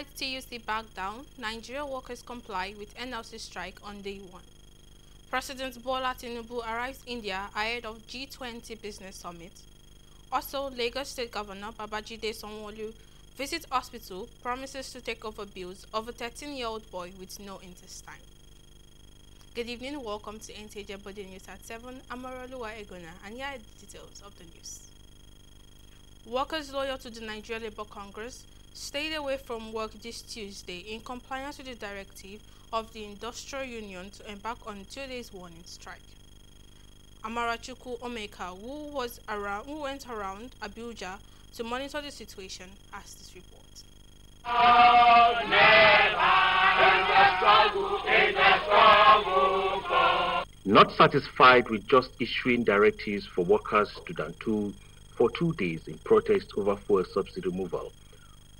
Despite TUC back down, Nigeria workers comply with NLC strike on day one. President Bola Tinubu arrives India ahead of G20 Business Summit. Also, Lagos State Governor Babajide Sanwo-Olu visits hospital, promises to take over bills of a 13-year-old boy with no intestine. Good evening, welcome to NTJ Body News at 7. I'm Aroluwa Egona, and here are the details of the news. Workers loyal to the Nigeria Labour Congress stayed away from work this Tuesday in compliance with the directive of the Industrial Union to embark on two days warning strike. Amarachuku Omeka, who, was around, who went around Abuja to monitor the situation, has this report. Not satisfied with just issuing directives for workers to Dantu for two days in protest over fuel subsidy removal,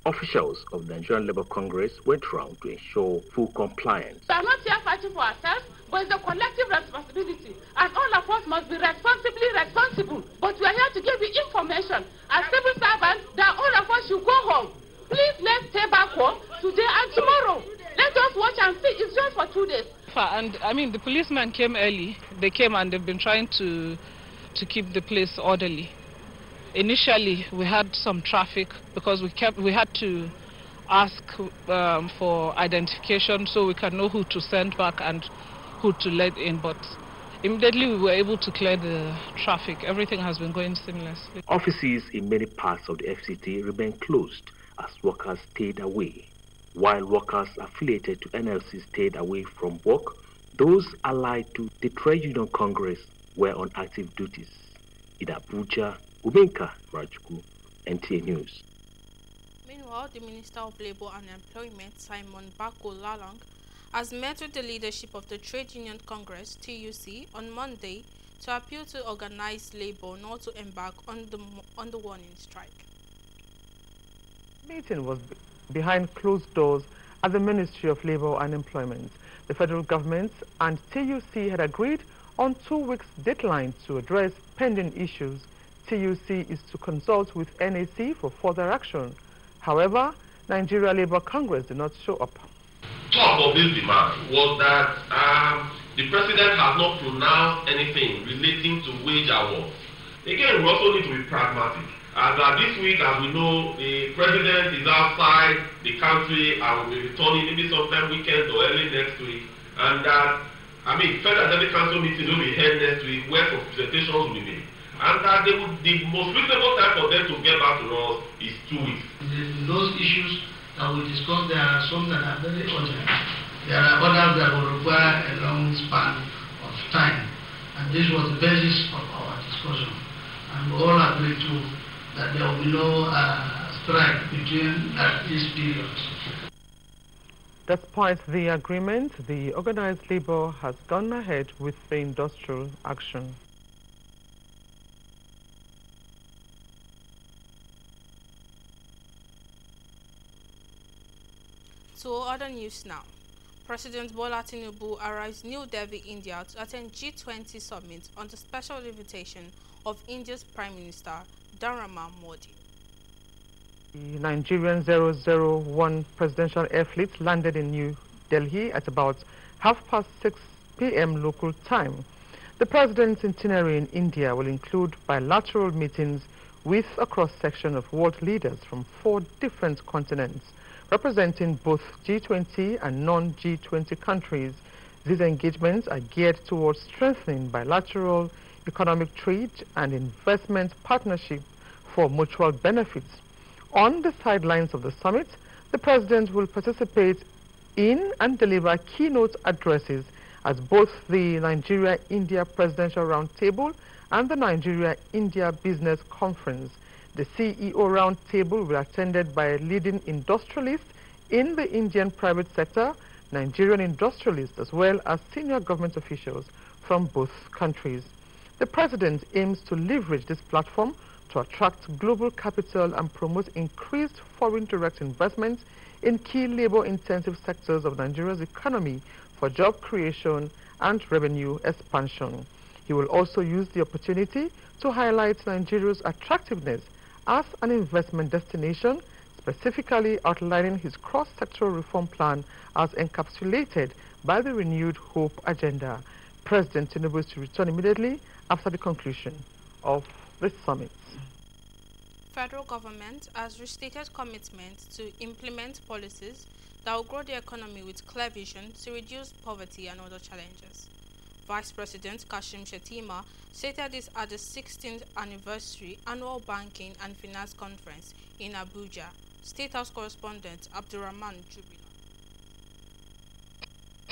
Officials of the Nigerian Labour Congress went round to ensure full compliance. We are not here fighting for ourselves, but it's a collective responsibility, and all of us must be responsibly responsible. But we are here to give you information. As civil servants, that all of us should go home. Please let's stay back home today and tomorrow. Let us watch and see. It's just for two days. And I mean, the policemen came early. They came and they've been trying to to keep the place orderly. Initially, we had some traffic because we kept we had to ask um, for identification so we can know who to send back and who to let in. But immediately we were able to clear the traffic. Everything has been going seamlessly. Offices in many parts of the FCT remain closed as workers stayed away. While workers affiliated to NLC stayed away from work, those allied to the Trade Union Congress were on active duties. In Abuja, Ubinka Rajku, NTA News. Meanwhile, the Minister of Labour and Employment, Simon Bako Lalang, has met with the leadership of the Trade Union Congress, TUC, on Monday to appeal to organized labour not to embark on the, on the warning strike. The meeting was behind closed doors at the Ministry of Labour and Employment. The federal government and TUC had agreed on two weeks' deadline to address pending issues TUC is to consult with NAC for further action. However, Nigeria Labour Congress did not show up. Top of this demand was that um, the president has not pronounced anything relating to wage awards. Again, we also need to be pragmatic. And uh, this week, as we know, the president is outside the country and will be returning maybe sometime weekend or early next week. And that, uh, I mean, Federal Assembly Council meeting will be held next week where presentations will be made and that they would, the most reasonable time for them to get back to us is two weeks. Those issues that we discussed, there are some that are very urgent. There are others that will require a long span of time. And this was the basis of our discussion. And we all agreed to that there will be no uh, strike between at this period. Despite the agreement, the organized labor has gone ahead with the industrial action. to other news now. President Bola Tinubu arrives New Delhi, India to attend G20 summit on the special invitation of India's Prime Minister Dharma Modi. The Nigerian 001 presidential air fleet landed in New Delhi at about half past 6 p.m. local time. The president's itinerary in India will include bilateral meetings with a cross-section of world leaders from four different continents, representing both G20 and non-G20 countries. These engagements are geared towards strengthening bilateral economic trade and investment partnership for mutual benefits. On the sidelines of the summit, the president will participate in and deliver keynote addresses as both the Nigeria-India Presidential Roundtable and the Nigeria-India Business Conference. The CEO roundtable will attended by leading industrialists in the Indian private sector, Nigerian industrialists, as well as senior government officials from both countries. The president aims to leverage this platform to attract global capital and promote increased foreign direct investments in key labor-intensive sectors of Nigeria's economy for job creation and revenue expansion. He will also use the opportunity to highlight Nigeria's attractiveness as an investment destination, specifically outlining his cross-sectoral reform plan as encapsulated by the renewed hope agenda. President Tinubu is to return immediately after the conclusion of this summit. Federal government has restated commitment to implement policies that will grow the economy with clear vision to reduce poverty and other challenges. Vice President Kashim Shetima stated this at the 16th anniversary annual banking and finance conference in Abuja. State House correspondent Abdurrahman Jubila.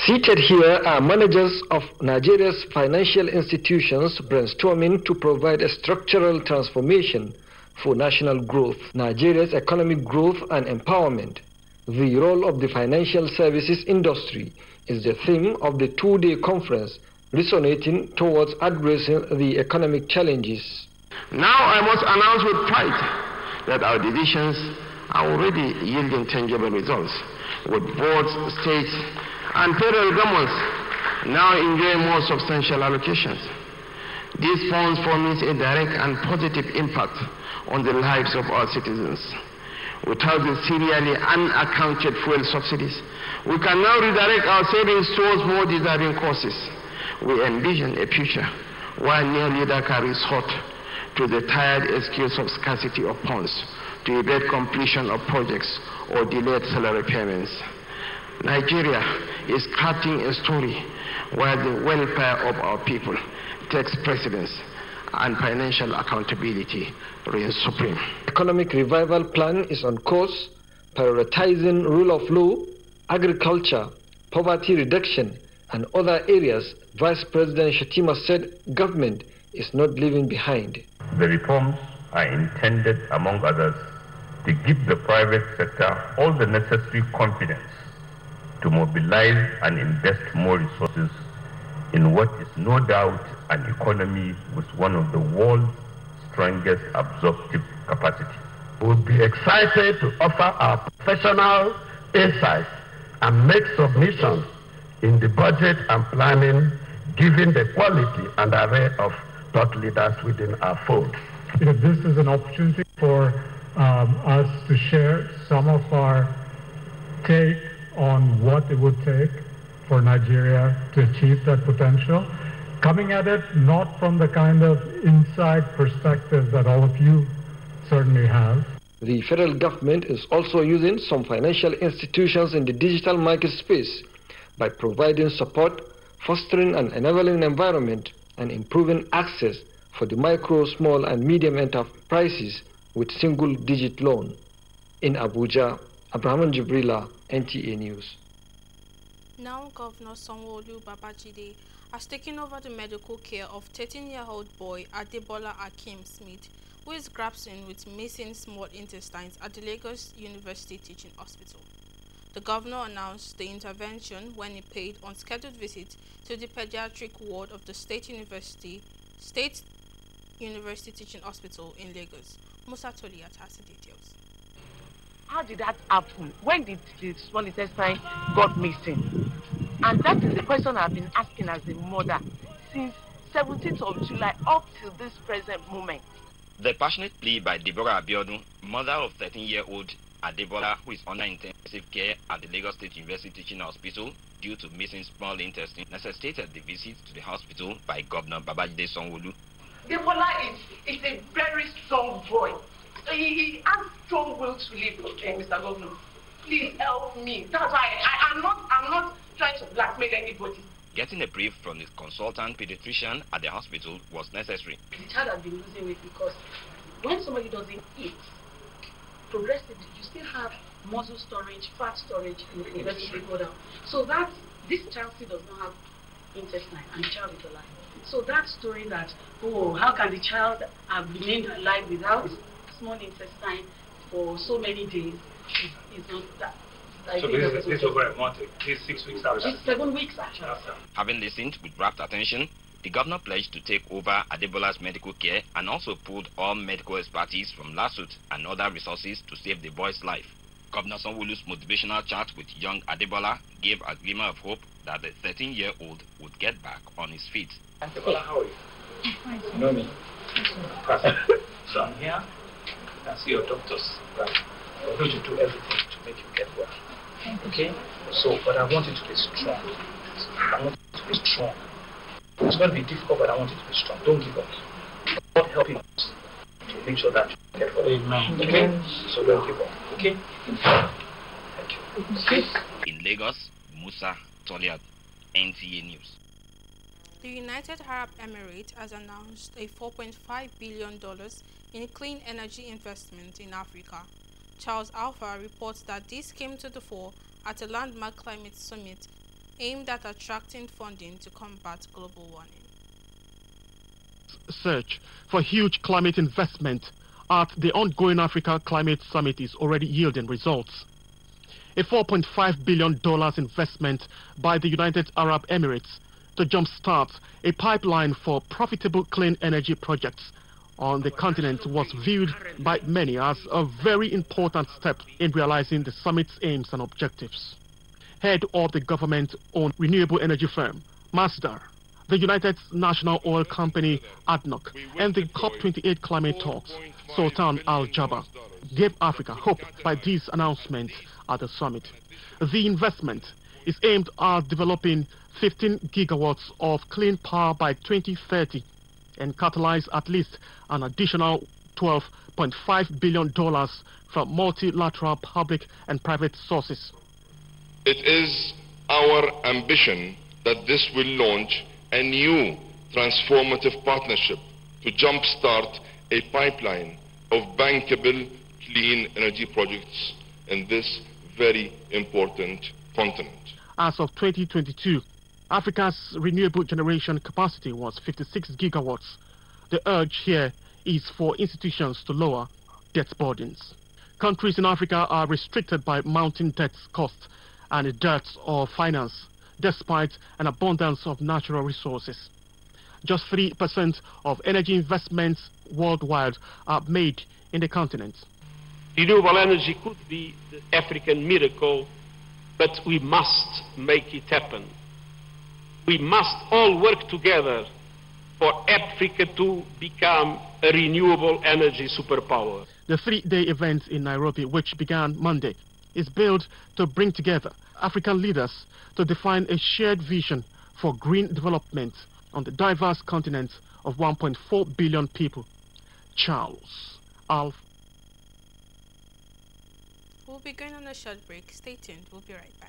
Seated here are managers of Nigeria's financial institutions brainstorming to provide a structural transformation for national growth, Nigeria's economic growth and empowerment. The role of the financial services industry is the theme of the two-day conference resonating towards addressing the economic challenges. Now I must announce with pride that our decisions are already yielding tangible results, with boards, states, and federal governments now enjoying more substantial allocations. These funds promise a direct and positive impact on the lives of our citizens. Without the serially unaccounted fuel subsidies, we can now redirect our savings towards more deserving causes we envision a future where near leader can resort to the tired excuse of scarcity of funds to evade completion of projects or delayed salary payments. Nigeria is cutting a story where the welfare of our people takes precedence and financial accountability reigns supreme. Economic revival plan is on course, prioritizing rule of law, agriculture, poverty reduction, and other areas Vice President Shatima said government is not leaving behind. The reforms are intended, among others, to give the private sector all the necessary confidence to mobilize and invest more resources in what is no doubt an economy with one of the world's strongest absorptive capacity. We'll be excited to offer our professional insights and make submissions in the budget and planning given the quality and array of thought leaders within our fold. You know, this is an opportunity for um, us to share some of our take on what it would take for Nigeria to achieve that potential. Coming at it not from the kind of inside perspective that all of you certainly have. The federal government is also using some financial institutions in the digital market space by providing support fostering an enabling environment and improving access for the micro, small, and medium enterprises with single digit loan. In Abuja, Abraham Jibrila, NTA News. Now, Governor Sonwolu Babajide has taken over the medical care of 13-year-old boy Adebola Akim Smith, who is grappling with missing small intestines at the Lagos University Teaching Hospital. The governor announced the intervention when he paid unscheduled visit to the pediatric ward of the State University State University Teaching Hospital in Lagos. Musa Toliat has the details. How did that happen? When did the small intestine got missing? And that is the question I've been asking as a mother since 17th of July up till this present moment. The passionate plea by Deborah Abiodun, mother of 13-year-old Adebola, who is under intensive care at the Lagos State University Teaching Hospital due to missing small intestine, necessitated the visit to the hospital by Governor Babajide Sanwo-Olu. Adebola is, is a very strong boy. He has strong will to live, okay, Mr. Governor. Please help me. That's why I, am not, I'm not trying to blackmail anybody. Getting a brief from the consultant pediatrician at the hospital was necessary. The child has been losing weight because when somebody doesn't eat, progressively, you still have muscle storage, fat storage in the go down. So that this child still does not have intestine and child is alive. So that story that, oh, how can the child have remained alive without small intestine for so many days is, is not that. so this is, this is over a month, this six weeks after. This seven weeks actually. Having listened with rapt attention, the governor pledged to take over Adebola's medical care and also pulled all medical expertise from lawsuits and other resources to save the boy's life. Governor Sanwolu's motivational chat with young Adebola gave a glimmer of hope that the 13-year-old would get back on his feet. Adebola, how are you? You know me? so I'm here. I can see your doctors. Right? am going to do everything to make you get well. Okay? So, but I want you to be strong. I want you to be strong. It's going to be difficult, but I want you to be strong. Don't give up. God helping you to make sure that you get what Amen. Okay? So don't give up. Okay? Thank you. Okay. In Lagos, Musa Toliad, NTA News. The United Arab Emirates has announced a $4.5 billion in clean energy investment in Africa. Charles Alpha reports that this came to the fore at a landmark climate summit aimed at attracting funding to combat global warming. Search for huge climate investment at the ongoing Africa Climate Summit is already yielding results. A $4.5 billion investment by the United Arab Emirates to jumpstart a pipeline for profitable clean energy projects on the continent was viewed by many as a very important step in realizing the summit's aims and objectives head of the government-owned renewable energy firm, Masdar, the United National Oil Company, ADNOC, and the COP28 climate talks, Sultan Al-Jaba, gave Africa hope by these announcements at the summit. The investment is aimed at developing 15 gigawatts of clean power by 2030 and catalyze at least an additional $12.5 billion from multilateral public and private sources. It is our ambition that this will launch a new transformative partnership to jumpstart a pipeline of bankable clean energy projects in this very important continent. As of 2022, Africa's renewable generation capacity was 56 gigawatts. The urge here is for institutions to lower debt burdens. Countries in Africa are restricted by mounting debt costs and debts or finance, despite an abundance of natural resources. Just 3% of energy investments worldwide are made in the continent. Renewable energy could be the African miracle, but we must make it happen. We must all work together for Africa to become a renewable energy superpower. The three-day event in Nairobi, which began Monday, is built to bring together African leaders to define a shared vision for green development on the diverse continent of 1.4 billion people. Charles Alf. We'll be going on a short break. Stay tuned. We'll be right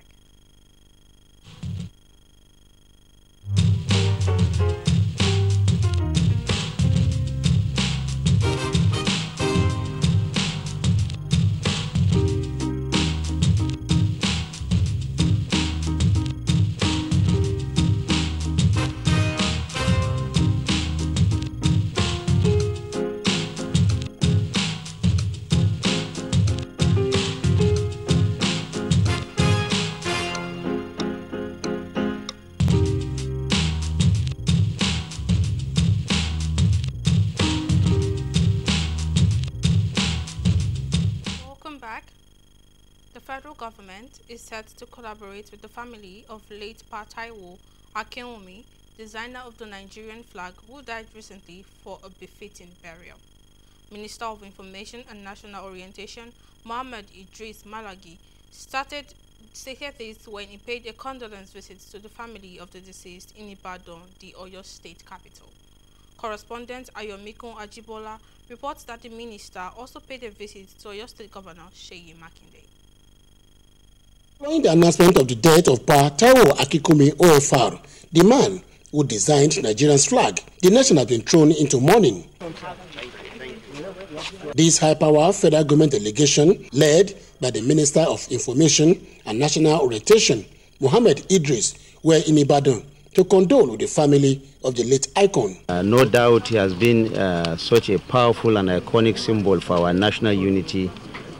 back. to collaborate with the family of late Pa Taiwo Akinwumi, designer of the Nigerian flag who died recently for a befitting burial. Minister of Information and National Orientation Mohamed Idris Malagi started stated this when he paid a condolence visit to the family of the deceased in Ibadan, the Oyo state capital. Correspondent Ayomikun Ajibola reports that the minister also paid a visit to Oyo state governor Sheyi Makinde. Following the announcement of the death of Pa Taiwo Akikumi OFR, the man who designed Nigeria's flag, the nation has been thrown into mourning. This high-power federal government delegation, led by the Minister of Information and National Orientation, Mohammed Idris, were in Ibadan to condole with the family of the late icon. Uh, no doubt he has been uh, such a powerful and iconic symbol for our national unity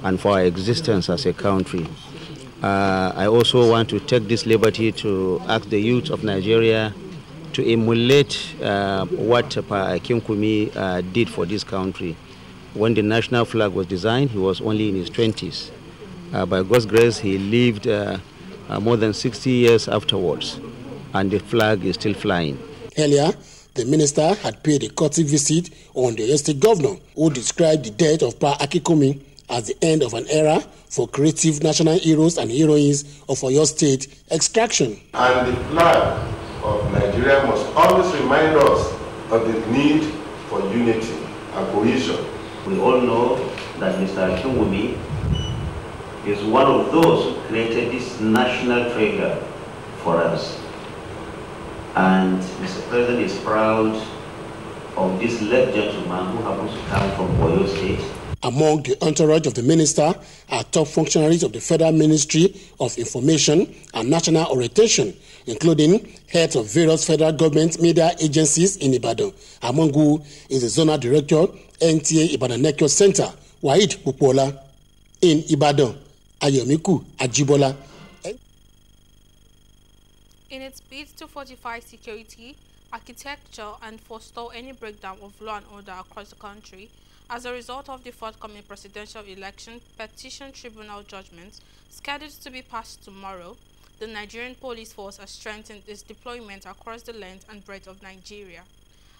and for our existence as a country. Uh, I also want to take this liberty to ask the youth of Nigeria to emulate uh, what King Kumi uh, did for this country. When the national flag was designed, he was only in his 20s. Uh, by God's grace, he lived uh, more than 60 years afterwards, and the flag is still flying. Earlier, the minister had paid a courtesy visit on the estate governor, who described the death of Pa Akikomi as the end of an era for creative national heroes and heroines of Oyo State extraction. And the flag of Nigeria must always remind us of the need for unity and cohesion. We all know that Mr. Akinwumi is one of those who created this national treasure for us. And Mr. President is proud of this late gentleman who happens to come from Oyo State Among the entourage of the minister are top functionaries of the Federal Ministry of Information and National Orientation, including heads of various federal government media agencies in Ibadan. Among who is the zonal director, NTA Ibadan Nekio Center, Waid Pupola. In Ibadan, Ayomiku Ajibola. In its bid to fortify security, architecture, and forestall any breakdown of law and order across the country, As a result of the forthcoming presidential election petition tribunal judgments scheduled to be passed tomorrow, the Nigerian police force has strengthened its deployment across the length and breadth of Nigeria.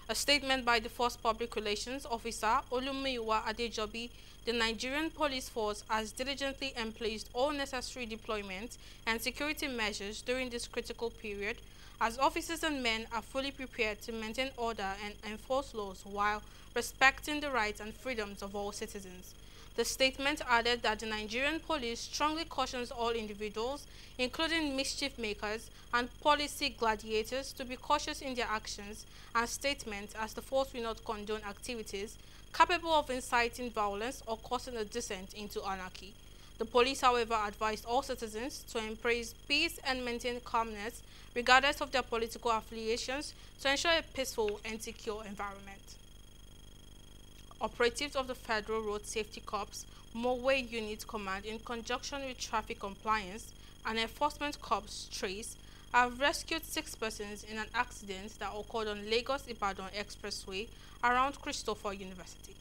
A statement by the force public relations officer Olumiwa Adejobi, the Nigerian police force has diligently emplaced all necessary deployment and security measures during this critical period as officers and men are fully prepared to maintain order and enforce laws while respecting the rights and freedoms of all citizens. The statement added that the Nigerian police strongly cautions all individuals, including mischief makers and policy gladiators, to be cautious in their actions and statements as the force will not condone activities capable of inciting violence or causing a descent into anarchy. The police, however, advised all citizens to embrace peace and maintain calmness, regardless of their political affiliations, to ensure a peaceful and secure environment operatives of the Federal Road Safety Corps, Motorway Unit Command, in conjunction with Traffic Compliance and Enforcement Corps Trace, have rescued six persons in an accident that occurred on Lagos-Ibadan Expressway around Christopher University.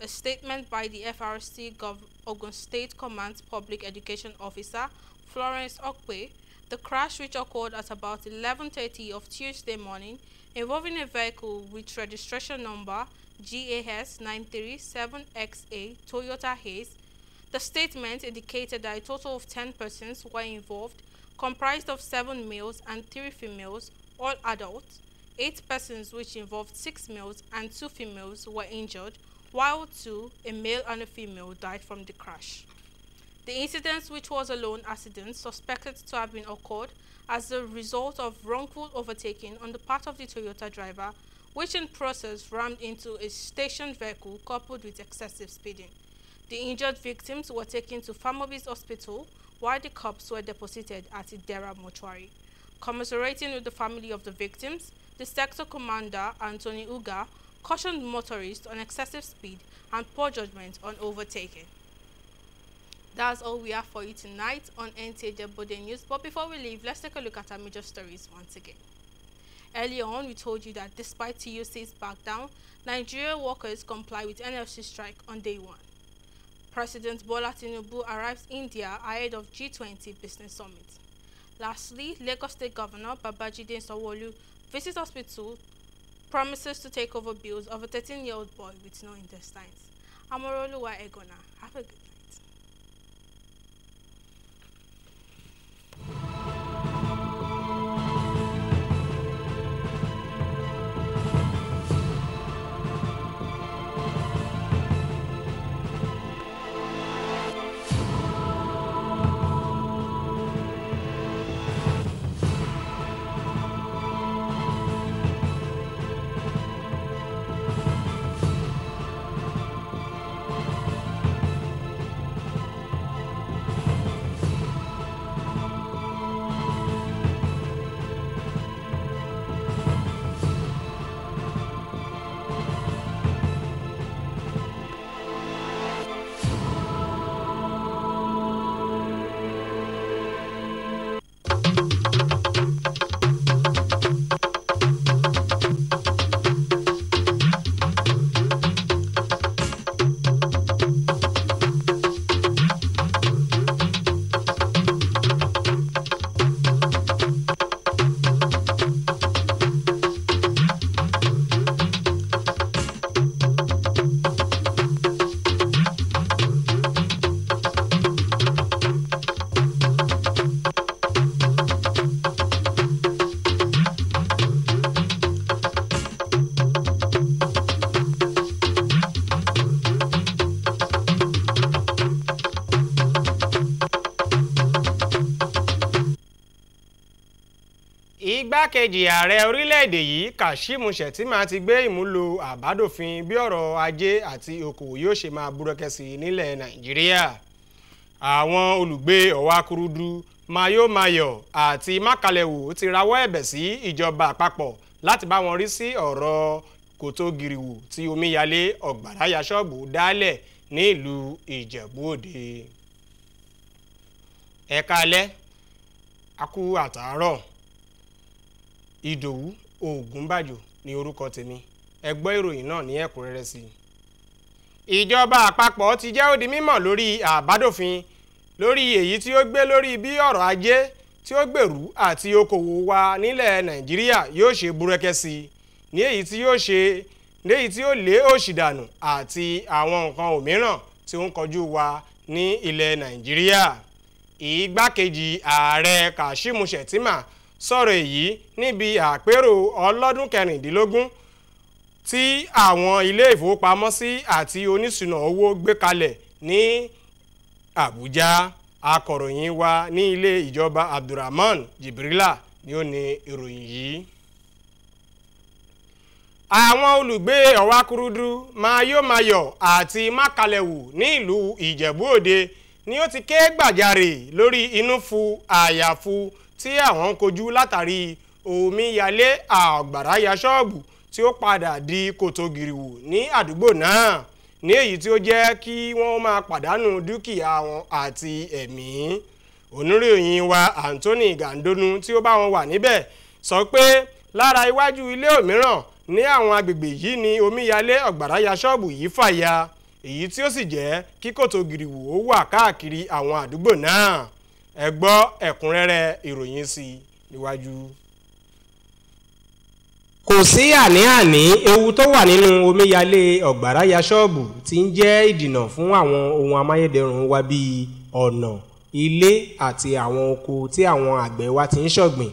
A statement by the FRC Gov Ogun State Command's Public Education Officer, Florence Okwe, the crash which occurred at about 11.30 of Tuesday morning involving a vehicle with registration number GAS 937XA Toyota Haze, the statement indicated that a total of 10 persons were involved, comprised of 7 males and 3 females, all adults. 8 persons, which involved 6 males and 2 females, were injured, while 2, a male and a female, died from the crash. The incident, which was a lone accident, suspected to have been occurred as a result of wrongful overtaking on the part of the Toyota driver which in process rammed into a station vehicle coupled with excessive speeding. The injured victims were taken to Famobis Hospital while the cops were deposited at Idera Mortuary. Commiserating with the family of the victims, the sector commander, Anthony Uga, cautioned motorists on excessive speed and poor judgment on overtaking. That's all we have for you tonight on NTJ Bode News. But before we leave, let's take a look at our major stories once again. Earlier on, we told you that despite TUC's backdown, Nigeria workers comply with NFC strike on day one. President Bola Tinubu arrives India ahead of G20 business summit. Lastly, Lagos State Governor Babajide Sawolu visits hospital, promises to take over bills of a 13-year-old boy with no intestines. Amoroluwa Egona, have a good igbákejì ààrẹ orílẹ̀-èdè yìí Kashim Shettima ti gbé ìmúlò àbádòfin bí ọ̀rọ̀ ajé àti okòwò yóò ṣe máa búrẹ́kẹ́ sí nílẹ̀ Nàìjíríà àwọn olùgbé ọ̀wákúrúdú mayomayo àti mákàlẹ́wò ti rawọ́ ẹ̀bẹ̀ sí ìjọba àpapọ̀ láti bá wọn rí sí ọ̀rọ̀ kòtò gìrìwò tí omíyalé ọ̀gbàráyà ṣọ́ọ̀bù dálẹ̀ ní ìlú Ìjẹ̀bú Òde ẹ̀ka alẹ́ akú àtàárọ̀ ìdòwú ògúnbàjò ní orúkọ tèmi ẹ gbọ́ ìròyìn náà ní ẹ̀kúnrẹ́rẹ́ sí i. ìjọba àpapọ̀ ti jẹ́ ó di mímọ̀ lórí àbádòfin lórí èyí tí ó gbé lórí bí ọ̀rọ̀ ajé tí ó gbèrú àti okòwò wa nílẹ̀ nàìjíríà yóò ṣe búrẹ́kẹ́ sí i ní èyí tí yóò ṣe ní èyí tí ó lé òṣì dànù àti àwọn nǹkan òmíràn tí ó ń kọjú wa ní ilẹ̀ nàìjíríà ìgbákejì ààrẹ kashim shettima sọ̀rọ̀ èyí níbi àpérò ọlọ́dún kẹrìndínlógún tí àwọn ilé ìfowópamọ́sí àti oníṣùnà owó gbé kalẹ̀ ní Àbújá akọ̀ròyìn wa ní ilé ìjọba Abdulrahman Jibrila ni ó ní ìròyìn yìí àwọn olùgbé ọ̀wákúrúdú mayomayo àti mákàlẹ̀wù ní ìlú ìjẹ̀bú-òde ni ó ti ké gbàjarè lórí inúfu àyàfu tí àwọn ń kojú látàrí omíyalé àgbàrá ya ṣọ́ọ̀bù tí ó padà di kòtò gìrìwò ní àdúgbò náà ní èyí tí ó jẹ́ kí wọ́n máa pàdánù dúkìá wọn àti ẹ̀mí oníròyìn wa Anthony Gandonu tí ó bá wọn wà níbẹ̀ sọ pé lára iwájú ilé òmíràn ní àwọn agbègbè yìí ni omíyalé ọ̀gbàrá ya ṣọ́ọ̀bù yìí fàya èyí tí ó sì jẹ́ kí kòtò gìrìwò wà káàkiri àwọn àdúgbò náà ẹ gbọ́ ẹ̀kúnrẹ́rẹ́ ìròyìn sí i níwájú. kò sí àní-àní ewu tó wà nínú omíyalé ọ̀gbàrá ya ṣọ́ọ̀bù tí ń jẹ́ ìdìnà fún àwọn ohun amáyédẹrùn wa bíi ọ̀nà ilé àti àwọn oko tí àwọn àgbẹ̀ wa ti ń ṣọ̀gbìn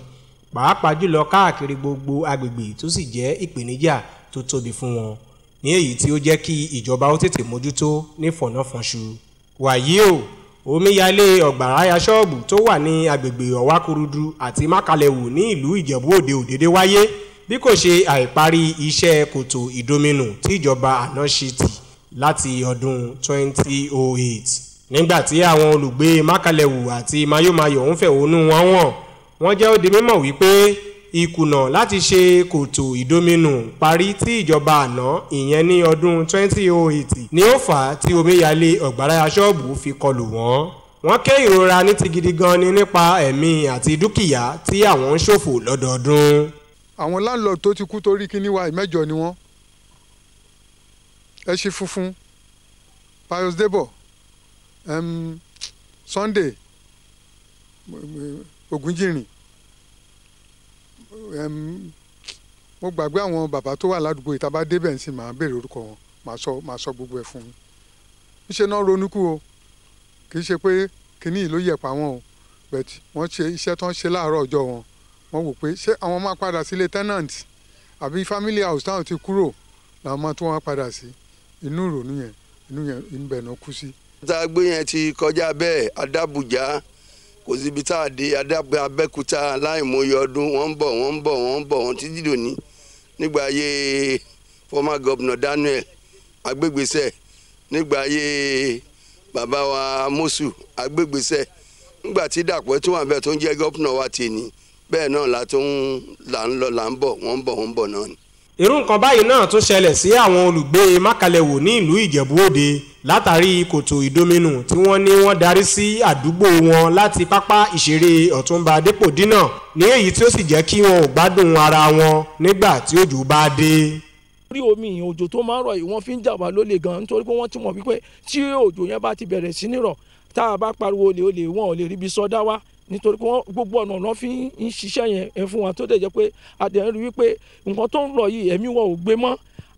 pàápàá jùlọ káàkiri gbogbo agbègbè tó sì jẹ́ ìpèníjà tó tóbi fún wọn ní èyí tí ó jẹ́ kí ìjọba ó tètè mójútó ní fọ̀nàfọ̀nṣu wàyí o omíyalé ọ̀gbàráyà ṣọ́ọ̀bù tó wà ní agbègbè ọ̀wákúrúdú àti mákàlẹ́wù ní ìlú ìjẹ̀bú òde òdèdè wáyé bí kò ṣe àìparí iṣẹ́ kòtò ìdominù tíjọba àná ṣe tì láti ọdún 2008 nígbà tí àwọn olùgbé mákàlẹ́wù àti mayomayo ń fẹ̀hónú wọn wọ̀n wọ́n jẹ́ ó mímọ̀ wípé ìkùnà láti ṣe kòtò ìdominù parí tí ìjọba àná ìyẹn ní ọdún 2008 ni ó fà á tí omíyalé ọ̀gbàráyà ṣọ́ọ̀bù fi kọlù wọ́n wọ́n ké ìrora ní ti gidi gan ni nípa ẹ̀mí àti dúkìá tí àwọn ń ṣòfò lọ́dọọdún. àwọn láńlọ́ọ̀dù tó ti kú torí kíní ìmẹ́jọ ni wọ́n ẹ ṣe funfun pius debo um, sunday ogunjìnrìn mo gbàgbé àwọn bàbá tó wà ládùúgbò ìta bá débẹ̀ sí màá béèrè orúkọ wọn màá sọ màá sọ gbogbo ẹ̀ fún un níṣẹ́ náà ronúkú o kì í ṣe pé kínní yìí ló yẹ̀pá wọn o but wọ́n ṣe iṣẹ́ tán ṣe láàárọ̀ ọjọ́ wọn wọ́n wò pé ṣé àwọn máa padà sílé tenant àbí family house táwọn ti kúrò làwọn máa tún wọn padà sí inú ìrònú yẹn inú yẹn ìbẹ̀ náà kú sí. tá a gbé yẹn ti kọjá bẹ́ẹ̀ adábùjá kò síbi tá a dé adágbé abẹ́kúta aláìmọye ọdún wọ́n ń bọ̀ wọ́n ń bọ̀ wọ́n ń bọ̀ wọ́n títí dòní nígbà ayé former governor Daniel Agbègbèsẹ̀ nígbà ayé bàbá wa Mọ́sù Agbègbèsẹ̀ nígbà tí Dàpọ̀ tún wà bẹ́ẹ̀ tó ń jẹ́ gómìnà wa tèmi bẹ́ẹ̀ náà la tún là ń lọ là ń bọ̀ wọ́n ń bọ̀ wọ́n ń bọ̀ náà ni irú nǹkan báyìí náà tún ṣẹlẹ̀ sí àwọn olùgbé mákàlẹ́wò ní ìlú ìjẹ̀bú òde látàrí kòtò ìdominù tí wọ́n ní wọ́n darí sí àdúgbò wọn láti pápá ìṣeré ọ̀túnba dépòdínà ní èyí tí ó sì jẹ́ kí wọn ò gbádùn ara wọn nígbà tí òjò bá dé rí omi ìyìn òjò tó máa ń rọ̀ yìí wọ́n fi ń jà lólè gan nítorí pé wọ́n ti mọ̀ wípé tí òjò yẹn bá ti bẹ̀rẹ̀ sí nírọ̀ tá a bá pariwo olè olè wọn ò lè ríbi sọdá wá nítorí pé gbogbo ọ̀nà ọ̀nà fi ń ṣiṣẹ́ yẹn ẹ̀ fún wa tó dẹ̀ jẹ́ pé àdéhùn rí wípé nǹkan tó ń lọ yìí ẹ̀mí wọn ò gbé mọ́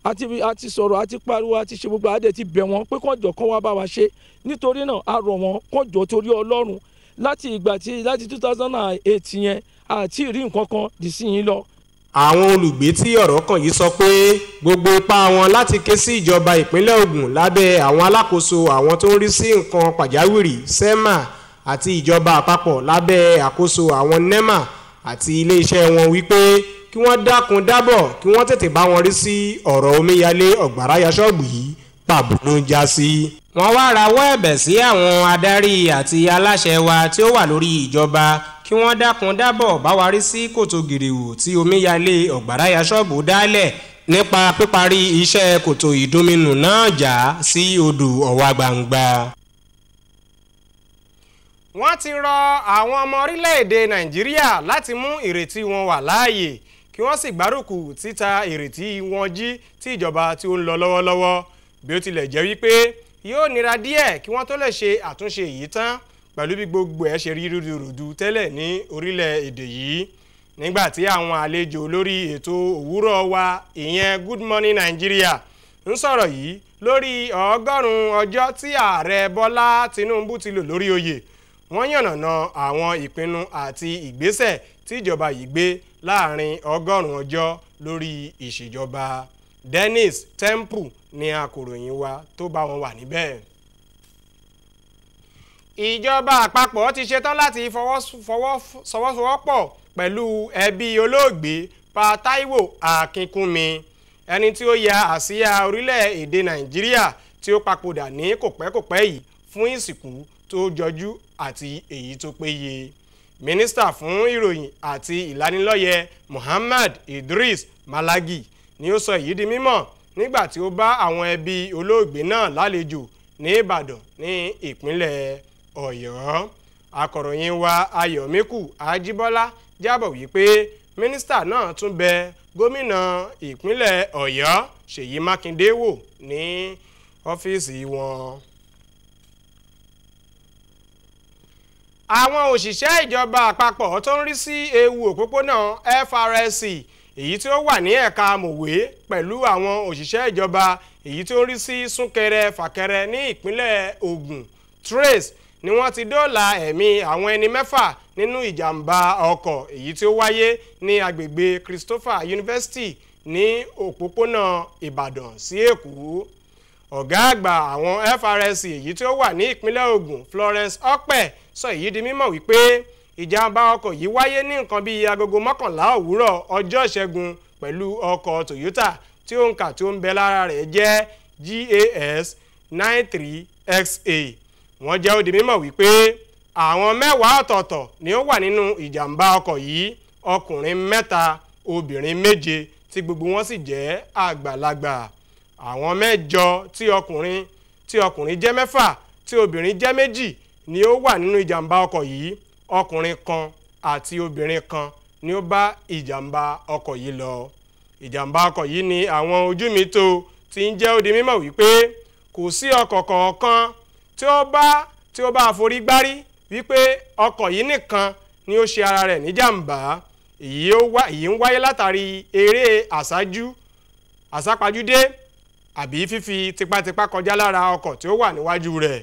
àti àti sọ̀rọ̀ àti pariwo àti ṣe gbogbo àdẹ̀ ti bẹ̀ wọ́n pé kọ́jọ́ kọ́ wá bá wa ṣe nítorí náà a rọ̀ wọ́n kọ́jọ́ torí ọlọ́run láti ìgbà tí láti two thousand and eight yẹn àti rí nǹkan kan dì sí yín lọ. àwọn olùgbé tí ọ̀rọ̀ kàn yìí sọ pé gbogbo ipá wọn láti ké sí ìjọba ìpínlẹ̀ Ògùn lábẹ́ àwọn alákòóso àwọn tó ń rí sí nǹkan pàjáwìrì SEMA àti ìjọba àpapọ̀ lábẹ́ àkóso àwọn NEMA àti iléeṣẹ́ wọn wípé kí wọ́n dákun dábọ̀ kí wọ́n tètè bá wọn rí sí ọ̀rọ̀ omíyalé ọ̀gbàrá yaṣọ́ọ̀bù yìí pàbùnú já sí. wọ́n wá rawọ́ ẹ̀bẹ̀ sí àwọn adarí àti aláṣẹ wa tí ó wà lórí ìjọba kí wọ́n dákun dábọ̀ bá wa rí sí kòtò gìrìwò tí omíyalé ọ̀gbàrá yaṣọ́ọ̀bù dálẹ̀ nípa píparí iṣẹ́ kòtò ìdóminù náà jà sí odò ọ̀wà gbangba wọ́n ti rọ àwọn ọmọ orílẹ̀-èdè nàìjíríà láti mú ìrètí wọn wà láàyè kí wọ́n sì gbárùkù títa ìrètí wọn jí tí ìjọba tí ó ń lọ lọ́wọ́lọ́wọ́ bí ó tilẹ̀ jẹ́ wípé yóò nira díẹ̀ kí wọ́n tó lè ṣe àtúnṣe yìí tán pẹ̀lú bí gbogbo ẹ̀ ṣe rí rúdurùdu tẹ́lẹ̀ ní orílẹ̀-èdè yìí nígbà tí àwọn àlejò lórí ètò òwúrọ̀ wa ìyẹn good morning nigeria ń sọ̀rọ̀ yìí lórí ọgọ́rùn-ún ọjọ́ tí ààrẹ bọ́lá tinubu ti lò lórí oyè wọ́n yànnàná àwọn ìpinnu àti ìgbésẹ̀ tíjọba yìí gbé láàrin ọgọ́rùn-ún ọjọ́ lórí ìṣèjọba Dennis Temple ni akòròyìn wa tó bá wọn wà níbẹ̀. ìjọba àpapọ̀ ti ṣetán láti fọwọ́sowọ́pọ̀ pẹ̀lú ẹbí olóògbé Pa Táíwò Akínkúnmi ẹni tí ó ya àsíá orílẹ̀-èdè Nàìjíríà tí ó papòdà ní kòpẹ́kòpẹ́ yìí fún ìsìnkú tó jọjú àti èyí tó péye mínísítà fún ìròyìn àti ìlanilọ́yẹ Muhammad Idris Malagi ni ó sọ èyí di mímọ̀ nígbà tí ó bá àwọn ẹbí olóògbé náà lálejò ní Ìbàdàn ní ìpínlẹ̀ Ọ̀yọ́ akọ̀ròyìn wa Ayọ̀míkù Ajíbọ́lá jábọ̀ wípé mínísítà náà tún bẹ gómìnà ìpínlẹ̀ Ọ̀yọ́ Ṣèyí Mákindé wò ní ọ́fíìsì wọn. àwọn òṣìṣẹ́ ìjọba àpapọ̀ tó ń rí sí ewu òpópónà FRSC èyí tí ó wà ní ẹ̀ka mòwe pẹ̀lú àwọn òṣìṣẹ́ ìjọba èyí tó ń rí sí súnkẹrẹ fàkẹrẹ ní ìpínlẹ̀ Ogun Trace ni wọ́n ti dóòlà ẹ̀mí àwọn ẹni mẹ́fà nínú ìjàmbá ọkọ̀ èyí tí ó wáyé ní agbègbè Christopher University ní òpópónà Ìbàdàn sí Èkó ọ̀gá àgbà àwọn FRSC èyí tí ó wà ní ìpínlẹ̀ Ogun, Florence Okpe sọ èyí di mímọ̀ wípé ìjàmbá ọkọ̀ yìí wáyé ní nǹkan bíi agogo mọ́kànlá òwúrọ̀ ọjọ́ ìṣẹ́gun pẹ̀lú ọkọ̀ Toyota tí òǹkà tó ń bẹ lára rẹ̀ jẹ́ GAS 93XA wọ́n jẹ́ ó di mímọ̀ wípé àwọn mẹ́wàá ọ̀tọ̀ọ̀tọ̀ ni ó wà nínú ìjàmbá ọkọ̀ yìí ọkùnrin mẹ́ta obìnrin méje tí gbogbo wọn sì jẹ́ àgbàlagbà àwọn mẹ́jọ tí ọkùnrin tí ọkùnrin jẹ́ mẹ́fà tí obìnrin jẹ́ méjì ni ó wà nínú ìjàmbá ọkọ̀ yìí ọkùnrin kan àti obìnrin kan ni ó bá ìjàmbá ọkọ̀ yìí lọ ìjàmbá ọkọ̀ yìí ni àwọn ojú mi tó ti ń jẹ́ ó di mímọ̀ wípé kò sí ọkọ̀ kọ̀ọ̀kan tí ó bá tí ó bá forí gbárí wípé ọkọ̀ yìí nìkan ni ó ṣe ara rẹ̀ níjàmbá èyí ń wáyé látàrí eré àsájú àsápajúdé àbí fífi tipátipá kọjá lára ọkọ̀ tí ó wà níwájú rẹ̀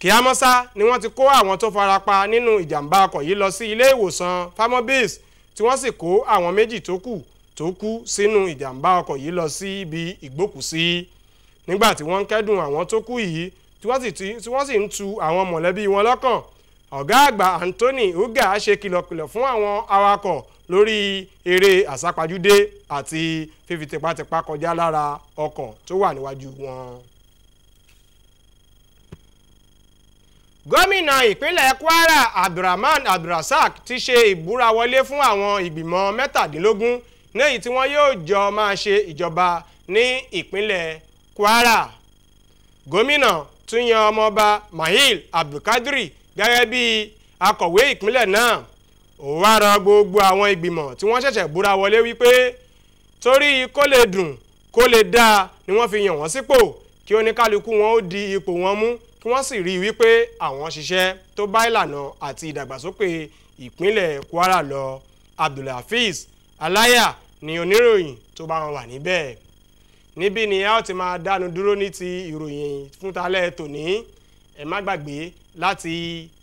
kíámọ́sá ni wọ́n ti kó àwọn tó farapa nínú ìjàmbá ọkọ̀ yìí lọ sí ilé ìwòsàn famobis tí wọ́n sì kó àwọn méjì tó kù tó kú sínú ìjàmbá ọkọ̀ yìí lọ sí ibi ìgbókùsí nígbà tí wọ́n ń kẹ́dùn àwọn tó kú yìí tí wọ́n sì ń tu àwọn mọ̀lẹ́bí wọn lọ́kàn ọ̀gá àgbà Anthony Uga ṣe kìlọ̀kìlọ̀ fún àwọn awakọ̀ lórí eré àsápajúdé àti fífi tipátipá kọjá lára ọkọ̀ tó wà níwájú wọn. gómìnà ìpínlẹ̀ kwara abdulrahman abdulrasaq ti ṣe ìbúra wọlé fún àwọn ìgbìmọ̀ mẹ́tàdínlógún ní èyí tí wọ́n yóò jọ máa ṣe ìjọba ní ìpínlẹ̀ kwara gómìnà tún yan ọmọọba mahil abdulkadri gẹ́gẹ́ bí akọ̀wé ìpínlẹ̀ náà òun wá ran gbogbo àwọn ìgbìmọ̀ tí wọ́n ṣẹ̀ṣẹ̀ búra wọlé wípé torí kó lè dùn kó lè dáa ni wọ́n fi yàn wọ́n sípò kí oníkálukú wọn ó di ipò wọn mú kí wọ́n sì rí i wípé àwọn ṣiṣẹ́ tó bá ìlànà àti ìdàgbàsókè ìpínlẹ̀ Kwara lọ Abdulhafiz Aláyà ni oníròyìn tó bá wọn wà níbẹ̀ níbí ni a ó ti máa dánu dúró ní ti ìròyìn fúntalẹ́ tòní ẹ má gbàgbé láti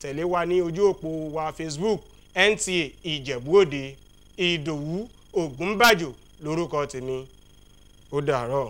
tẹ̀lé wa ní ojú òpó wa Facebook NTA Ìjẹ̀bú-Òde Ìdòwú Ògúnbàjò ni tèmi ó dàárọ̀.